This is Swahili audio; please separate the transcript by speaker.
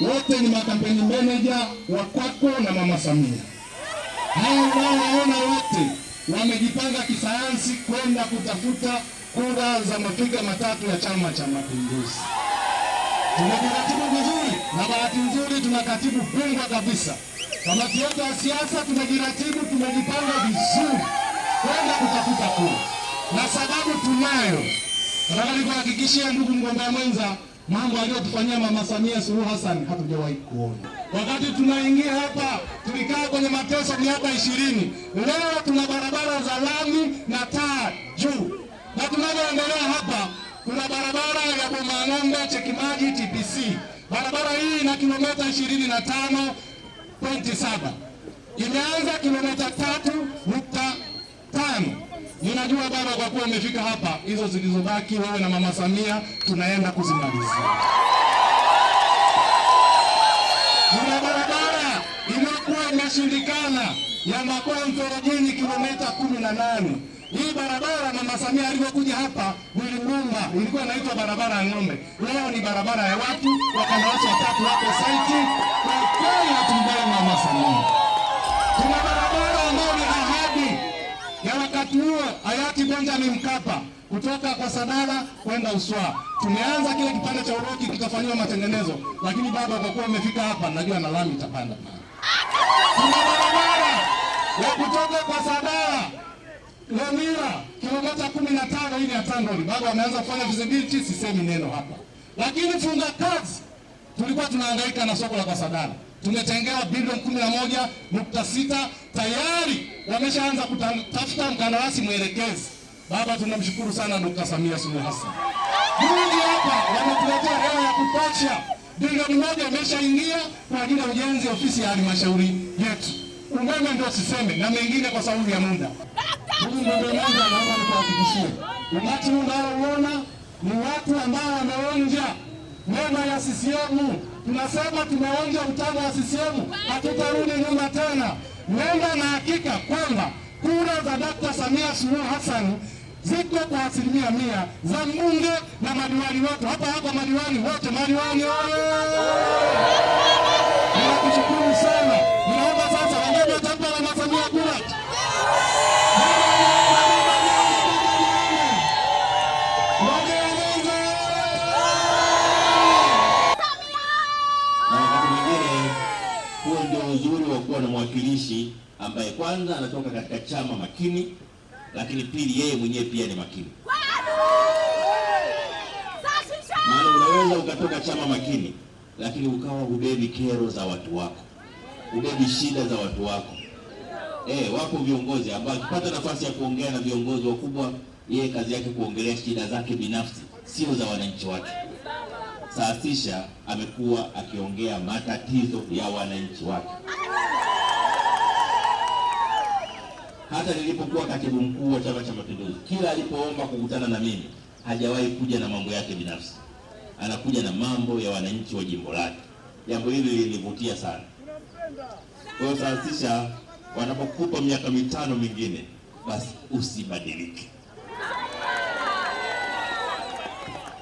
Speaker 1: wote ni makampeni manager wa kwako na mama Samia. Hao unaowaona wote wamejipanga kisayansi kwenda kutafuta kura za mapiga matatu ya Chama cha Mapinduzi. Tuna taratibu vizuri, na bahati nzuri tuna katibu bingwa kabisa. Kamati yetu ya siasa tumejiratibu, tumejipanga vizuri kwenda kutafuta kura, na sababu tunayo. Nataka nikuhakikishie ndugu mgombea mwenza Mambo aliyotufanyia Mama Samia Suluhu Hassan hatujawahi kuona. Wakati tunaingia hapa tulikaa kwenye mateso miaka ishirini. Leo tuna barabara za lami na taa juu, na tunavyoendelea hapa kuna barabara ya Bomang'ombe Chekimaji TPC. Barabara hii ina kilomita ishirini na tano pointi saba imeanza kilomita tatu utakuwa umefika hapa, hizo zilizobaki wewe na mama Samia tunaenda kuzimaliza. Kuna barabara imekuwa inashindikana ya Makoa Mferejini kilomita kumi na nane. Hii barabara mama Samia alivyokuja hapa Gwilingumba ilikuwa inaitwa barabara ya ng'ombe, leo ni barabara ya watu. Wakandarasi watatu wako saiti wakati hayati hayati ni Mkapa kutoka kwa Sadala kwenda Uswa. Tumeanza kile kipande cha Uroki kikafanyiwa matengenezo, lakini baba kwa kuwa amefika hapa, najua na lami itapanda. Tuna barabara ya kutoka kwa Sadala Lomira kilomita kumi na tano hii ya atandoni. Baba ameanza kufanya visibility, sisemi neno hapa, lakini funga kazi tulikuwa tunahangaika na soko la kwa Sadala tumetengewa bilioni kumi na moja nukta sita tayari wameshaanza kutafuta mkandarasi mwelekezi. Baba, tunamshukuru sana Dkt. Samia Suluhu Hassan. Bunge hapa wametuletea hela ya kutosha, bilioni moja imeshaingia kwa ajili ya ujenzi wa ofisi ya halmashauri yetu. Umeme ndio siseme na mengine kwa sababu ya muda. Mungu ndio Mungu, anaomba nikuhakikishie umati unaoona ni watu ambao wameonja mema ya CCM tunasema tumeonja utamu wa CCM, hatutarudi nyuma tena. Nenda na hakika kwamba kura za Dakta Samia Suluhu Hassan ziko kwa asilimia mia za mbunge na madiwani wote hapa hapa, madiwani wote, madiwani ndio uzuri wa kuwa na mwakilishi ambaye kwanza anatoka katika chama makini, lakini pili yeye mwenyewe pia ni makini. Maana unaweza ukatoka chama makini, lakini ukawa hubebi kero za watu wako, ubebi shida za watu wako. Eh, wako viongozi ambao akipata nafasi ya kuongea na viongozi wakubwa, yeye kazi yake kuongelea shida zake binafsi, sio za wananchi wake saasisha amekuwa akiongea matatizo ya wananchi wake. Hata nilipokuwa katibu mkuu wa Chama cha Mapinduzi, kila alipoomba kukutana na mimi hajawahi kuja na mambo yake binafsi, anakuja na mambo ya wananchi wa jimbo lake. Jambo hili lilinivutia sana. Kwa hiyo saasisha, wanapokupa miaka mitano mingine, basi usibadilike.